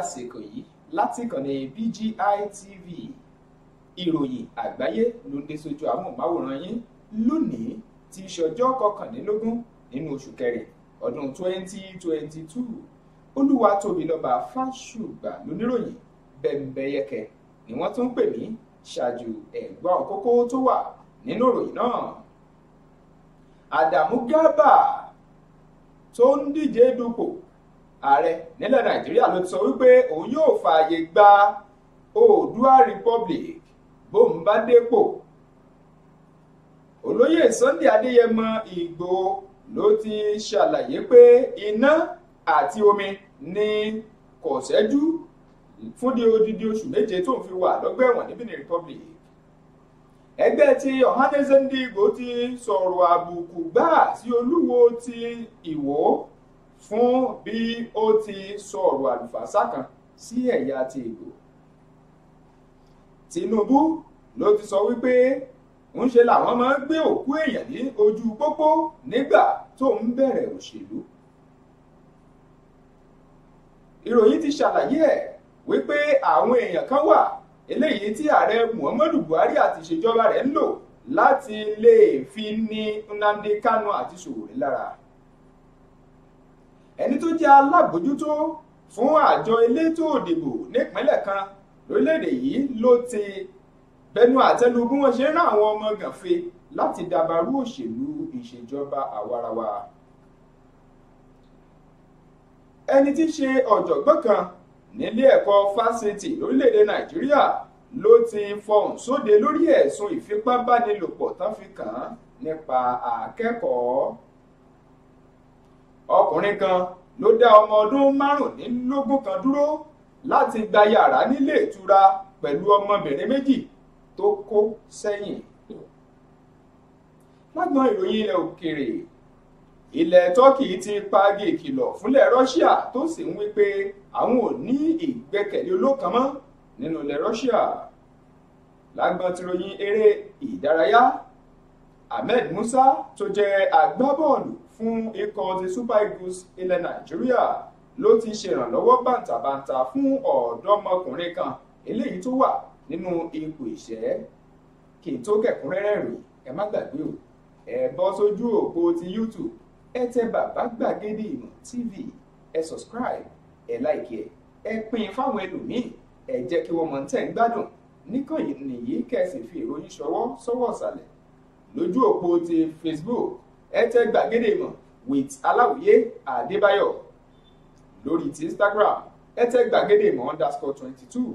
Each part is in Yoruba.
àsìkò yìí láti ìkànnì BGI TV ìròyìn àgbáyé ló dé sójú amóhùnmáwòrán yín lónìí tí í ṣọjọ́ kọkànlélógún nínú oṣù kẹrin ọdún 2022 olúwatóbilọ́ba fáṣùgbà lóníròyìn bẹ́ńbẹ́yẹkẹ ni wọ́n tún ń pè ní ṣáájú ẹ̀gbọ́n kókó tó wà nínú ìròyìn náà Àdàmú Gábà tó ń díje dupò ààrẹ nílẹ̀ nàìjíríà ló ti sọ wípé òun yóò fààyè gba oòdùà republic bóun bá dépò olóyè sunday adéyẹmọ ìgbòho ló ti ṣàlàyé pé iná àti omi ní kò ṣẹ́jú di odidi oṣù méje tó ń fi wà lọ́gbà ẹ̀wọ̀n ní Republic ẹgbẹ́ ti Ohanaeze Ndigbo ti sọ̀rọ̀ àbùkù gbáà sí olúwo ti Ìwó fún bí ó ti sọ ọ̀rọ̀ àlùfàṣà kan sí ẹ̀yà ti Ìgbò Tinubu ló ti sọ wípé ń ṣe làwọn máa ń gbé òkú èèyàn ní ojú pópó nígbà tó ń bẹ̀rẹ̀ òṣèlú ìròyìn ti ṣàlàyé ẹ̀ wípé àwọn èèyàn kan wà eléyìí tí ààrẹ Muhammadu Buhari àti ìṣèjọba rẹ̀ ń lò láti lè fi ní Nnamdi Kanu àti Sowore lára ẹni tó jẹ́ alábòjútó fún àjọ elétò òdìbò nípínlẹ̀ kan lórílẹ̀‐èdè yìí ló ti bẹnu àtẹ́lu bí wọ́n ṣe rán àwọn ọmọ gànfe láti dàbàrú òṣèlú ìṣèjọba àwarawa ẹni tí í ṣe ọ̀jọ̀gbọ́n kan nílé ẹ̀kọ́ fásitì lórílẹ̀‐èdè nàìjíríà ló ti fọhùn sóde lórí ẹ̀sùn ìfipábánilòpọ̀ tán fi kàn án nípa akẹ́kọ̀ọ́ ọkùnrin kan ló dá ọmọ ọdún márùnlélógún kan dúró láti gba yàrá nílé ìtura pẹ̀lú ọmọbìnrin méjì tó kó sẹ́yìn. lágbọn ìròyìn ilẹ̀ òkèèrè ilẹ̀ turkey ti paagi ìkìlọ̀ fúnlẹ̀ russia tó sì ń wípé àwọn ò ní ìgbẹ́kẹ̀lé olókan mọ́ nínú ilẹ̀ russia lágbọn tìròyìn eré ìdárayá Ahmed Musa tó jẹ́ agbábọ́ọ̀lù fún ikọ̀ the Super Eagles ilẹ̀ Nàìjíríà ló ti ṣèrànlọ́wọ́ bàǹtàbàǹtà fún ọ̀dọ́mọkùnrin kan eléyìí tó wà nínú ipò ìṣẹ́ kí n tó kẹ̀kúnrẹ́rẹ́ rèé ẹ má gbàgbé o ẹ bọ́ sójú òpó ti YouTube ẹ tẹ bàbá gbàgede ìmọ̀ TV ẹ subscribe ẹ like ẹ ẹ pín in fáwọn ẹlòmíì ẹ jẹ́ kí wọ́n mọ̀ ń tẹ̀ ń gbádùn níkànnì nìyí kẹ̀sì fi ìròyìn ṣọwọ́ sọ́wọ́ ọ̀sàlẹ̀ lójú òpó ti Facebook ẹ tẹ̀ gbàgede ìmọ̀ with aláwìyé àdébáyọ̀ lórí ti Instagram ẹ tẹ̀ gbàgede ìmọ̀ underscore twenty two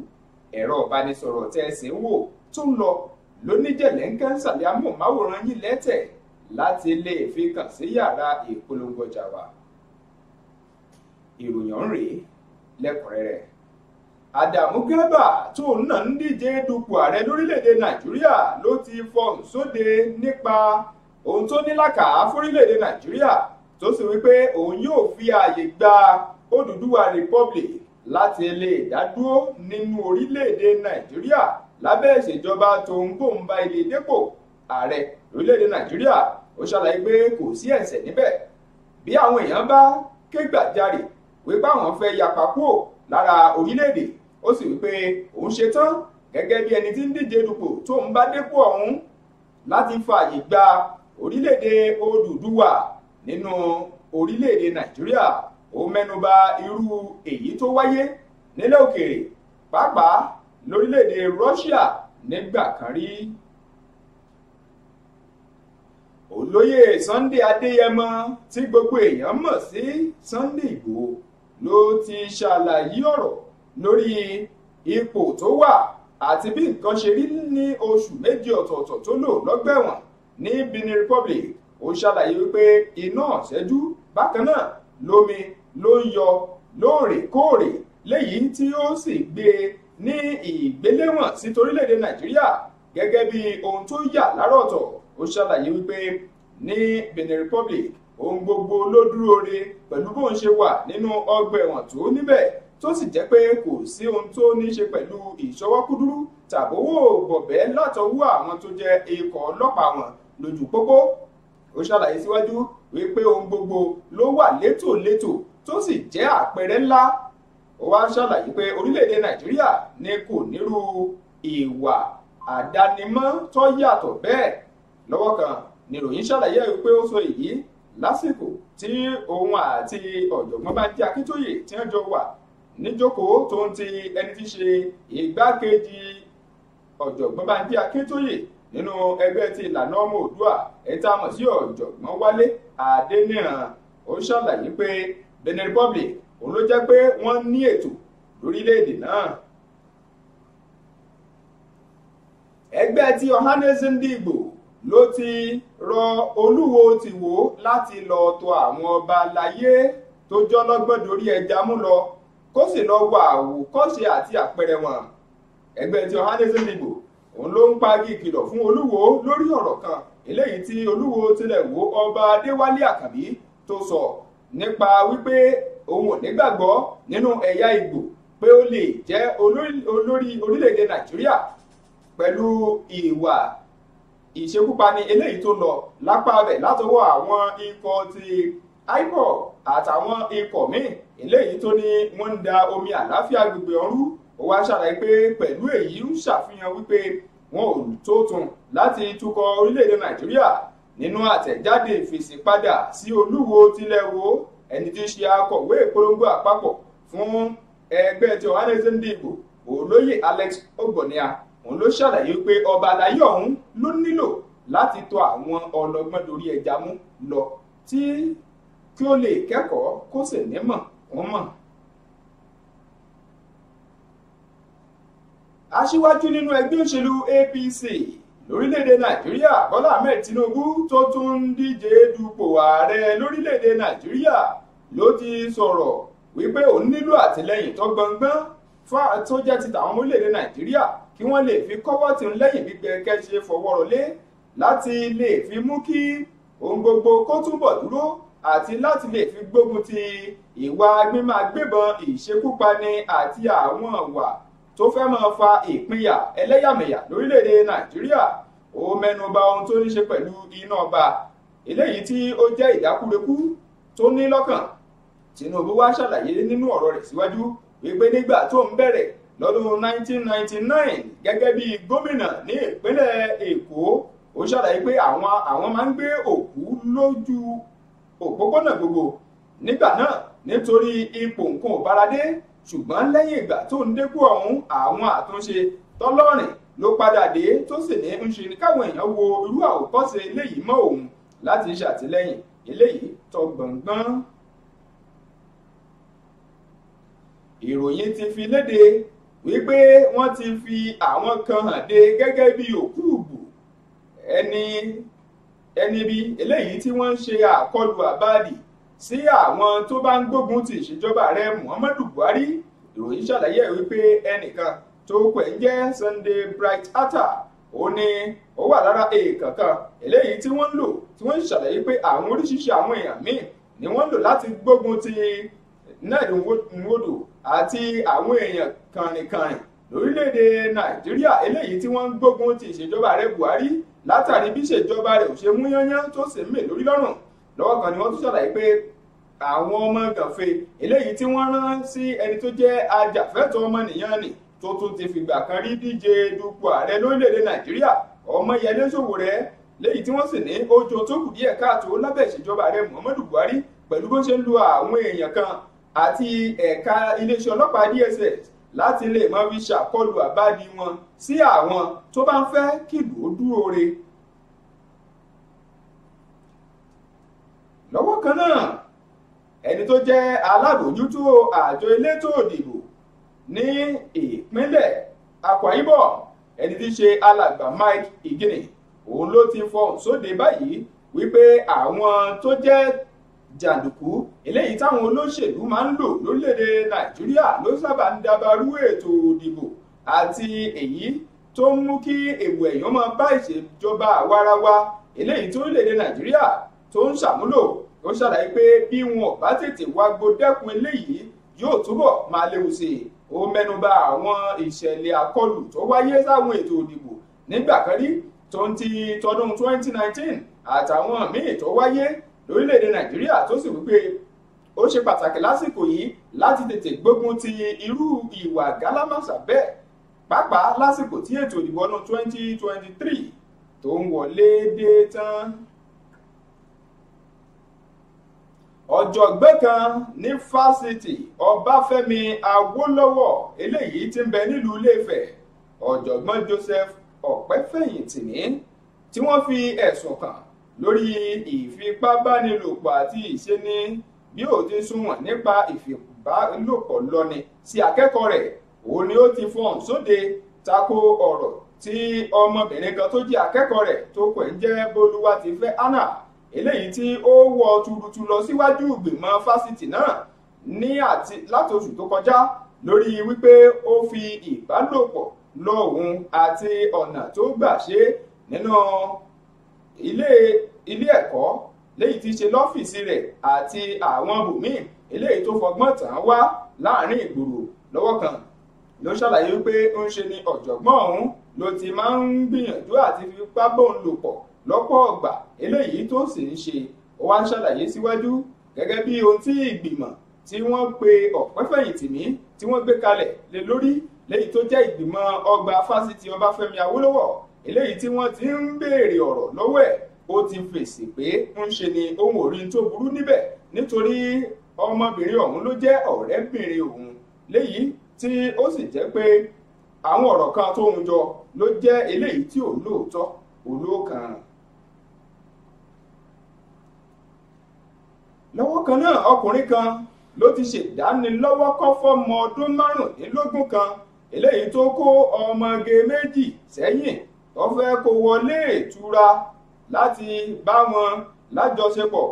ẹ̀rọ ìbánisọ̀rọ̀ tẹ́ ẹ sì ń wò tó ń lọ lóníjẹ̀lẹ̀ ń kẹ́ńsàlẹ̀ amóhùnmáwòrán yín lẹ́tẹ̀ láti lè fi kàn sí yàrá ìpolongo ọjà wa ìròyìn rèé lẹ́kùnrẹ́rẹ́ Àdàmú Kẹ́bà tóun náà ń díje dupò ààrẹ lórílẹ̀‐èdè Nàìjíríà ló ti fọhùn sóde nípa ohun tó ní làkàá fórílẹ̀‐èdè Nàìjíríà tó sì wípé òun yóò fi ààyè gba Odùduwà Republic láti lè dádúró nínú orílẹ̀‐èdè Nàìjíríà lábẹ́ ìṣèjọba tóun bòun bá ilé dépò ààrẹ lórílẹ̀‐èdè Nàìjíríà ó ṣàlàyé pé kò sí ẹ̀ṣẹ̀ níbẹ̀ bí àwọn èèyàn bá kégbàjarè wípé àwọn fẹ́ yapa kúò lára orílẹ̀-èdè ó sì wípé òun ṣe tán gẹ́gẹ́ bí ẹni tí ń díje dupò tó ń bá dépò ọ̀hún láti fààyè gba orílẹ̀-èdè Odùduwà nínú orílẹ̀-èdè Nàìjíríà ó mẹ́nuba irú èyí tó wáyé nílẹ̀ òkèèrè pàápàá lórílẹ̀-èdè Russia nígbà kan rí olóyè Sunday Adéyẹmọ tí gbogbo èèyàn mọ̀ sí Sunday Ìgbòho ló ti ṣàlàyé ọ̀rọ̀ lórí ipò tó wà àti bí nǹkan ṣe rí ní oṣù méjì ọ̀tọ̀ọ̀tọ̀ tó lò lọ́gbà ní Benin Republic ó ṣàlàyé wípé iná ọ̀ṣẹ́jú bákan náà lómi ló ń yọ lóòrèkóòrè léyìí tí ó sì gbé e ní ìgbéléwọ̀n sí torílẹ̀-èdè Nàìjíríà gẹ́gẹ́ bí ohun tó yà lárọ̀ọ̀tọ̀ ó ṣàlàyé wípé ní Benin Republic ohun gbogbo ló dúró re pẹ̀lú bóun ṣe wà nínú ọgbà ẹ̀wọ̀n tó níbẹ̀ tó sì jẹ́ pé kò sí ohun tó ní ṣe pẹ̀lú ìṣọwọ́kúdúrú tàbówó bọ̀bẹ́ látọwọ́ àwọn tó jẹ́ ikọ̀ ọlọ́pàá wọn lójú pópó ó ṣàlàyé síwájú wípé ohun gbogbo ló wà létòlétò tó sì jẹ́ àpẹẹrẹ ńlá ó wá ṣàlàyé pé orílẹ̀-èdè nàìjíríà ni kò nírú ìwà àdánimọ́ tó yàtọ̀ bẹ́ẹ̀ lọ́wọ́ kan níròyìn ṣàlàyé wípé ó sọ èyí lásìkò tí òun àti ọ̀jọ̀gbọ́n Bánjí Akíntóyè tí wọ́n jọ wà níjókòó tó ń ti ẹni tí ṣe ìgbákejì ọ̀jọ̀gbọ́n Bánjí Akíntóyè nínú ẹgbẹ́ ti ìlànà ọmọ Oòduà ẹ̀ta mọ̀ sí ọ̀jọ̀gbọ́n Wálé Adéníran ó ṣàlàyé pé Benin Republic òun ló jẹ́ pé wọ́n ní ètò lórílẹ̀‐èdè náà. ẹgbẹ́ ti Ọ̀hánẹ́sì Ndigbo ló ti rọ olúwo tìwó láti lọ tọ̀ àwọn ọba aláyé tó jọlọ́gbọ́n dorí ẹja mú lọ kó sì lọ wọ àwòkọ́ṣe àti àpẹẹrẹ wọn ẹgbẹ́ ti Ohanaeze Ndigbo òun ló ń pagi ìkìlọ̀ fún olúwo lórí ọ̀rọ̀ kan eléyìí tí olúwo tilẹ̀ wo ọba adéwálé àkàbí tó sọ nípa wípé òun ò nígbàgbọ́ nínú ẹ̀yà ìgbò pé ó lè jẹ́ olórí orílẹ̀-èdè nàìjíríà pẹ̀lú ìwà ìṣekúpani eléyìí tó lọ lápá rẹ̀ látọwọ́ àwọn ikọ̀ ti ipob àtàwọn ikọ̀ míì eléyìí tó ní wọ́n ń da omi àláfíà gbogbo ọ̀rú ó wá ṣàlàyé pé pẹ̀lú èyí ń ṣàfihàn wípé wọn ò tó tún láti tukọ̀ orílẹ̀-èdè nàìjíríà nínú àtẹ̀jáde ìfèsì padà sí olúwo tilẹ̀ wo ẹni tí í ṣe akọ̀wé ìpolongo àpapọ̀ fún ẹgbẹ́ tí ọ̀hánẹ́sẹ̀ ń dìbò olóyè Alex Ogbonia òun ló ṣàlàyé pé ọba àlàyé ọ̀hún ló nílò láti tọ àwọn ọlọ́gbọ́n dorí ẹja mú lọ tí kí ó lè kẹ́kọ̀ọ́ kó sì nímọ̀ kún mọ̀. aṣíwájú nínú ẹgbẹ́ òṣèlú APC lórílẹ̀‐èdè nàìjíríà bọ́lá ahmed tinubu tó tún ń díje dupò ààrẹ lórílẹ̀‐èdè nàìjíríà ló ti sọ̀rọ̀ wípé òun nílò àtìlẹ́yìn tó gbọngbọ́n tó jẹ́ ti tàwọn ọmọ orílẹ̀‐èdè nàìjíríà kí wọ́n lè fi kọ́wọ́ tí ń lẹ́yìn gbígbẹ kẹ́ṣe fọwọ́rọ̀ lé láti lè fi mú kí ohun gbogbo kó túbọ̀ dúró àti láti lè fi gbógun ti ìwà gbímágbébọn ìṣekúpani àti àwọn ọ̀wà tó fẹ́ máa fa ìpínyà ẹlẹ́yàmẹ̀yà lórílẹ̀‐èdè nàìjíríà ó mẹ́nuba ohun tó ní ṣe pẹ̀lú iná ọba eléyìí tí ó jẹ́ ìdákúrekú tó ní lọ́kàn Tinubu wá ṣàlàyé nínú ọ̀rọ̀ rẹ̀ síwájú wípé nígbà tó ń bẹ̀rẹ̀ lọ́dún 1999 gẹ́gẹ́ bí gómìnà ní ìpínlẹ̀ èkó ó ṣàlàyé pé àwọn àwọn máa ń gbé òkú lójú òpópónà gbogbo nígbà náà nítorí ipò nǹkan ò báradé ṣùgbọ́n lẹ́yìn ìgbà tó ń dékú ọ̀hún àwọn àtúnṣe tọ́lọ́rìn ló padà dé tó sì ní ń ṣe káwọn èèyàn wo irú àwòkọ́ṣe eléyìí mọ́ òun láti ṣàtìlẹ́yìn eléyìí tọ́ gbọ̀ngbọ́n. ìròyìn ti fi léde wípé wọ́n ti fi àwọn kan hàn dé gẹ́gẹ́ bí òkúùgbù ẹni ẹni bí eléyìí tí wọ́n ń ṣe àkọlù àbáàdì sí àwọn tó bá ń gbógun ti ìṣèjọba ààrẹ Muhammadu Buhari ìròyìn ṣàlàyé wípé ẹnìkan tó pẹ̀ ń jẹ́ Sunday Bright Atta ó ní ó wà lára èèkàn kan eléyìí tí wọ́n ń lò tí wọ́n ń ṣàlàyé pé àwọn oríṣiríṣi àwọn èèyàn míì ni wọ́n ń lò láti gbógun ti ned nwodo àti àwọn èèyàn kànrìnkànrìn lórílẹ̀‐èdè nàìjíríà eléyìí tí wọ́n ń gbógun ti ìṣèjọba ààrẹ buhari látàrí bí ìṣèjọba rẹ̀ ò ṣe mú yányán tó sì ń mè lórí lọ́rùn lọ́wọ́ kan ni wọ́n tún ṣàlàyé pé àwọn ọmọ gànfẹ́ eléyìí tí wọ́n rán sí ẹni tó jẹ́ ajàfẹ́tọ̀ọ́ ọmọnìyàn nì tó tún ti fìgbà kan rí díje dupò ààrẹ lórílẹ̀‐èdè nàìjíríà ọmọyẹlé sowore léyìí tí wọ́n sì ní ojo tó kù díẹ̀ káàtó lábẹ́ ìṣèjọba ààrẹ muhammadu buhari pẹ̀lú bó ṣe ń lu àwọn èèyàn kan àti ẹ̀ka iléeṣẹ́ ọlọ́pàá DSS láti lè mọ fi ṣàkọlù àbádi wọn sí àwọn tó bá ń fẹ́ kìlú ó dúró re. lọ́wọ́ kan náà ẹni tó jẹ́ alábòójútó àjọ elétò òdìbò ní ìpínlẹ̀ Akwa Ibom ẹni tí í ṣe alàgbà Mike Igini òun ló ti fọhùn sóde báyìí wípé àwọn tó jẹ́ jàǹdùkú eléyìí táwọn olóṣèlú máa ń lò lórílẹ̀‐èdè nàìjíríà ló sábà ń dabarú ètò ìdìbò àti èyí tó ń mú kí èwù ẹ̀yàn máa bá ìṣèjọba àwarawa eléyìí tó lórílẹ̀‐èdè nàìjíríà tó ń ṣàmúlò ó ṣàlàyé pé bí wọn bá tètè wágbó dẹ́kun eléyìí yóò túbọ̀ máa léwu sí i ó mẹ́nuba àwọn ìṣẹ̀lẹ̀ àkọlù tó wáyé sáwọn ètò ìdìbò nígbà kan rí tó ń ti tọdún 2019 àtàwọn míì tó wáyé lórílẹ̀‐èdè nàìjíríà tó sì wípé ó ṣe pàtàkì lásìkò yìí láti tètè gbógun ti irú ìwà gálámàṣà bẹ́ẹ̀ pàápàá lásìkò tí ètò ìdìbò ọdún 2023 tó ń wọlé dé tán. ọ̀jọ̀gbọ́n kan ní fásitì ọbáfẹ́mi awólọ́wọ̀ eléyìí tí ń bẹ nílùú iléfẹ̀ ọ̀jọ̀gbọ́n joseph ọ̀pẹ́fẹ̀yìntìmí tí wọ́n fi ẹ̀sùn kàn lórí ìfipábánilòpọ̀ àti ìṣeni bí ó ti sunwọ̀n nípa ìfìbálòpọ̀ lọ́ni sí akẹ́kọ̀ọ́ rẹ̀ òun ni ó ti fọ́ọ̀n sóde tako ọ̀rọ̀ tí ọmọbìnrin kan tó jẹ́ akẹ́kọ̀ọ́ rẹ̀ tó pẹ̀ ń jẹ́ Bolúwatifẹ́ Anna eléyìí tí ó wọ tuurutu lọ síwájú ìgbìmọ̀ fásitì náà ní àti láti oṣù tó kọjá lórí wípé ó fi ìbálòpọ̀ lọ òun àti ọ̀nà tó gbà ṣe nínú ilé ilé ẹ̀kọ́ léyìí ti ṣe lọ́fíìsì rẹ̀ àti àwọn bòmíì eléyìí tó fọgbọ́n tàn án wá láàrin ìgboro lọ́wọ́ kan ló ṣàlàyé wípé ó ń ṣe ni ọ̀jọ̀gbọ́n ọ̀hún ló ti máa ń gbìyànjú àti fipá bóun lò pọ̀ lọ́pọ̀ ọgbà eléyìí tó sì ń ṣe ó wá ṣàlàyé síwájú gẹ́gẹ́ bí ohun tí ìgbìmọ̀ tí wọ́n pe ọ̀pẹ́fẹ̀yìntì mí tí wọ́n gbé kalẹ̀ lé lórí léyìí tó jẹ́ ìgbìmọ̀ ọgbà fásitì ọbáfẹ́mi awólọ́wọ̀ eléyìí tí wọ́n ti ń béèrè ọ̀rọ̀ lọ́wọ́ ẹ̀ ó ti fèsì pé ń ṣe ni ohun òrí tó burú níbẹ̀ nítorí ọmọbìnrin ọ̀hún ló jẹ́ ọ̀rẹ́bìnrin òun léyìí tí ó sì jẹ́ pé àwọn ọ̀rọ̀ kan tóun jọ ló jẹ́ eléyìí tí ò lóòótọ́ olóòkan. lọ́wọ́ kan náà ọkùnrin kan ló ti ṣèdánilọ́wọ́ kọ́ fọ́mọ ọdún márùndínlógún kan eléyìí tó kó ọmọge méjì sẹ́yìn tó fẹ́ kó wọlé ìtura láti bá wọn lájọṣepọ̀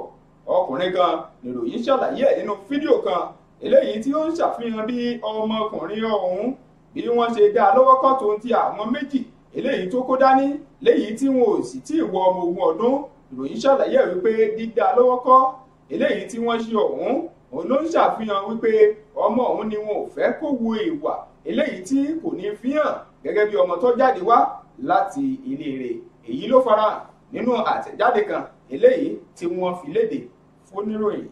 ọkùnrin kan níròyìn ṣàlàyé ẹ̀ nínú fídíò kan eléyìí tí ó ń ṣàfihàn bí ọmọkùnrin ọ̀hún bí wọ́n ṣe dá lọ́wọ́ kọ́tún ti àwọn méjì eléyìí tó kó dání léyìí tí wọn ò sì tí ì wọ ọmọ ogun ọdún ìròyìn ṣàlàyé wípé dídá lọ́wọ́ kọ́ eléyìí tí wọ́n ṣe ọ̀hún òun ló ń ṣàfihàn wípé ọmọ òun ni wọn ò fẹ́ kó wo ìwà eléyìí tí kò ní fi hàn gẹ́gẹ́ bí ọmọ tó jáde wá láti ilé rẹ̀ èyí ló farahàn nínú àtẹ̀jáde kan eléyìí tí wọ́n fi léde fóníròyìn.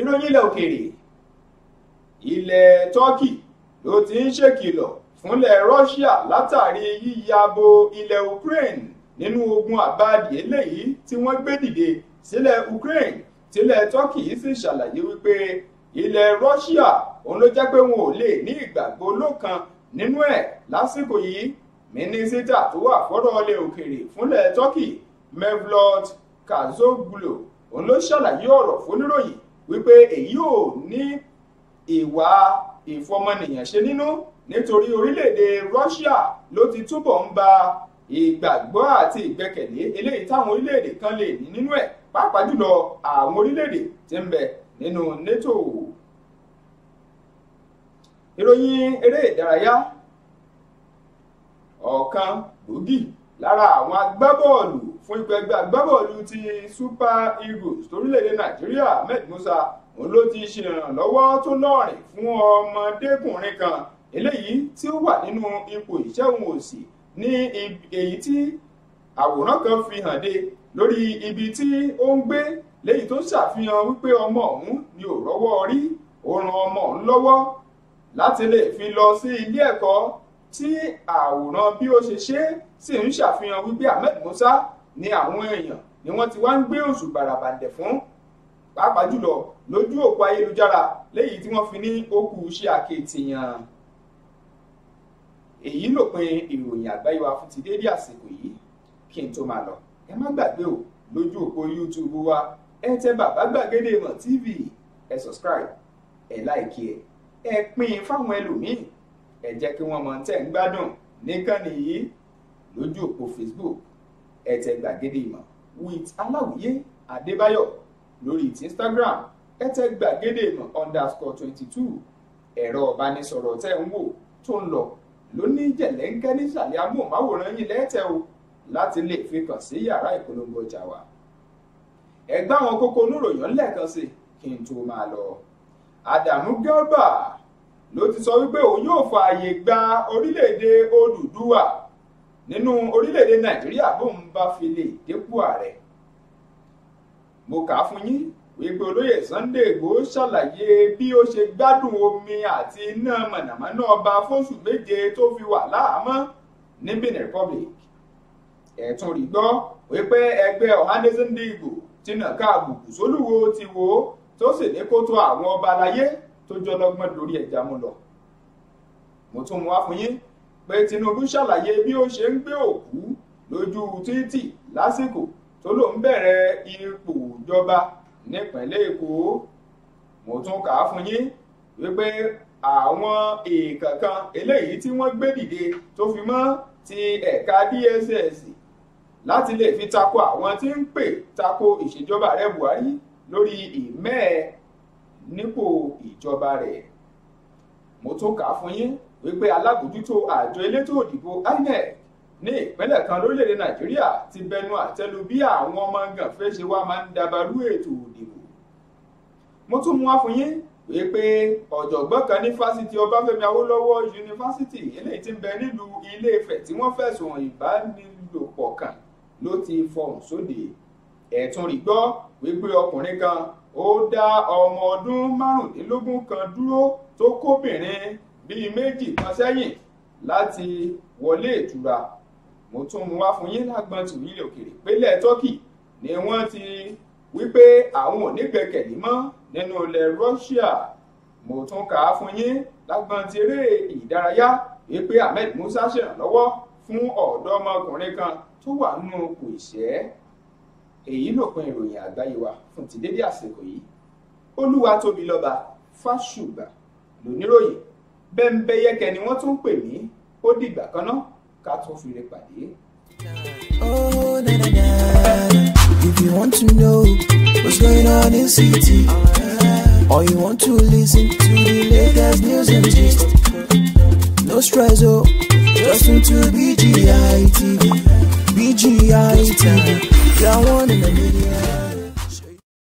ìròyìn ilẹ̀ òkèèrè ilẹ̀ Tọ́kì ló ti ń ṣèkìlọ̀ fúnlẹ̀ Russia látàrí yíya bo ilẹ̀ Ukraine nínú ogun àbáàdì eléyìí tí wọ́n gbé dìde sílẹ̀ Ukraine tílẹ̀ Tọ́kì yìí sì ṣàlàyé wípé ilẹ̀ Russia òun ló jẹ́ pé wọn ò lè ní ìgbàgbọ́ lọ́kàn nínú ẹ̀ lásìkò yìí mínísítà tó wà fọ́rọ̀ ilẹ̀ òkèèrè fúnlẹ̀ turkey mevlut cavusoglu òun ló ṣàlàyé ọ̀rọ̀ fóníròyìn wípé èyí ò ní ìwà ìfọmọnìyàn ṣe nínú nítorí orílẹ̀-èdè russia ló ti túbọ̀ ń ba ìgbàgbọ́ àti ìgbẹ́kẹ̀lé eléyìí táwọn orílẹ̀-èdè kan lè ní nínú ẹ̀ pàápàá jùlọ àwọn orílẹ̀-èdè tí ń bẹ nínú nato. ìròyìn eré ìdárayá ọ̀kan gbòógì lára àwọn agbábọ́ọ̀lù fún ikọ̀ ẹgbẹ́ agbábọ́ọ̀lù ti super eagles torílẹ̀-èdè nàìjíríà ahmed musa òun ló ti ṣèrànlọ́wọ́ tó lọ́rìn fún ọmọdékùnrin kan eléyìí tí ó wà nínú ipò ìṣẹ́hun òsì ní èyí tí àwòrán kan fi hàn dé lórí ibi tí ó ń gbé léyìí tó ṣàfihàn wípé ọmọ ọ̀hún ni ò rọ́wọ́ rí ó ran ọmọ ọ̀hún lọ́wọ́ láti lè fi lọ sí ilé ẹ̀kọ́ tí àwòrán bí ó ṣe ṣe sì ń ṣàfihàn wípé Ahmed Musa ni àwọn èèyàn ni wọ́n ti wá ń gbé oṣù bàràbàǹdẹ̀ fún pàápàá jùlọ lójú òpó ayélujára léyìí tí wọ́n fi ní okù ṣe àkètìyàn èyí lópin ìròyìn àgbáyé wa fún ti dédé àsìkò yìí kí n tó máa lọ ẹ má gbàgbé o lójú òpó youtube wa ẹ tẹ bàbá gbàgede mọ̀ tv ẹ subscribe ẹ láìkí ẹ ẹ pín in fáwọn ẹlòmíín ẹ jẹ́ kí wọ́n mọ tẹ̀ ń gbádùn níkànnì yìí lójú òpó Facebook ẹ tẹ gbàgede ìmọ̀ with aláwìyé adébáyọ̀ lórí ti Instagram ẹ tẹ gbàgede ìmọ̀ underscore twenty two ẹ̀rọ ìbánisọ̀rọ̀ tẹ̀ ń wò tó ń lọ lóní jẹ̀lẹ́ńkẹ́ nísàlẹ̀ amóhùnmáwòrán yìí lẹ́tẹ̀ o láti lè fi kàn sí yàrá ìpolongo ọjà wa. ẹgbẹ́ àwọn kókó oníròyìn lẹ́ẹ̀kan sí kí n tó máa lọ. Àdàmú Gilbert ló ti sọ wípé òun yóò fààyè gba orílẹ̀-èdè Odùduwà nínú orílẹ̀-èdè Nàìjíríà bóun bá fi lè dépò ààrẹ mo kà á fún yín wípé olóyè Sunday Igboho ṣàlàyé bí ó ṣe gbádùn omi àti iná mọ̀nàmọ́ná ọba fóṣù méje tó fi wà láàámọ́ ní Benin Republic ẹ̀tún rí gbọ́ wípé ẹgbẹ́ Ọ̀hánẹ́sẹ̀ Ndigbo ti nàka àbùkù sólùwò ti wò ó tó sì ní kó tó àwọn ọba láyé tó jọlọ́gbọ́n lórí ẹ̀já mú lọ. mo tún mú wá fún yín pé Tinubu ṣàlàyé bí ó ṣe ń gbé òkú lójú títì lásìkò tó ló ń bẹ̀rẹ̀ ipò ìjọba nípínlẹ̀ Èkó mo tún kà á fún yín wípé àwọn èèkànkan eléyìí tí wọ́n gbé dìde tó fi mọ́ ti ẹ̀ka DSS láti lè fi tako àwọn tí ń pè tako ìṣèjọba ààrẹ Buhari lórí ìmẹ́ẹ̀ nípò ìjọba rẹ̀ mo tún kà á fún yín wípé alábòjútó àjọ elétò òdìbò INEC ní ìpínlẹ̀ kan lórílẹ̀‐èdè nàìjíríà ti bẹnu àtẹ́lu bí àwọn ọmọ gànfẹ́ ṣe wá máa ń dabarú ètò òdìbò mo tún mú wá fún yín wípé ọ̀jọ̀gbọ́n kan ní fásitì ọbáfẹ́mi awólọ́wọ̀ yunifásitì eléyìí ti ń bẹ nílùú ilé-ifẹ̀ tí wọ́n fẹ̀sùn ìbánilòpọ̀ kàn ló ti fọhùn sóde ẹ̀tún rí gbọ́ wípé ọkùnrin kan ó dá ọmọ ọdún márùndínlógún kan dúró tó kóbìnrin bíi méjì kan sẹ́yìn láti wọlé ìtura mo tún mú wá fún yín lágbọ́n tù nílẹ̀ òkèèrè pélé tọ́kì ni wọ́n ti wípé àwọn ò ní gbẹ́kẹ̀lé mọ́ nínú ilẹ̀ Russia mo tún kà á fún yín lágbọ́n ti eré ìdárayá wípé Ahmed Musa ṣèrànlọ́wọ́ fún ọ̀dọ́mọkùnrin kan tó wà nínú kò ìṣẹ́ èyí lópin ìròyìn àgbáyé wa fún ti dédé àsìkò yìí olúwa tóbi lọ́ba fáṣùgbà lóníròyìn bẹ́ńbẹ́yẹ́kẹ́ ni wọ́n tún pè ní ó dìgbà kan náà ká tún fi lè pàdé. Oh, na, na, na. If you want to know what's going on in city, or you want to listen to the latest news and gist, no stress, oh, just tune to BGI TV, BGI TV. Down in the media.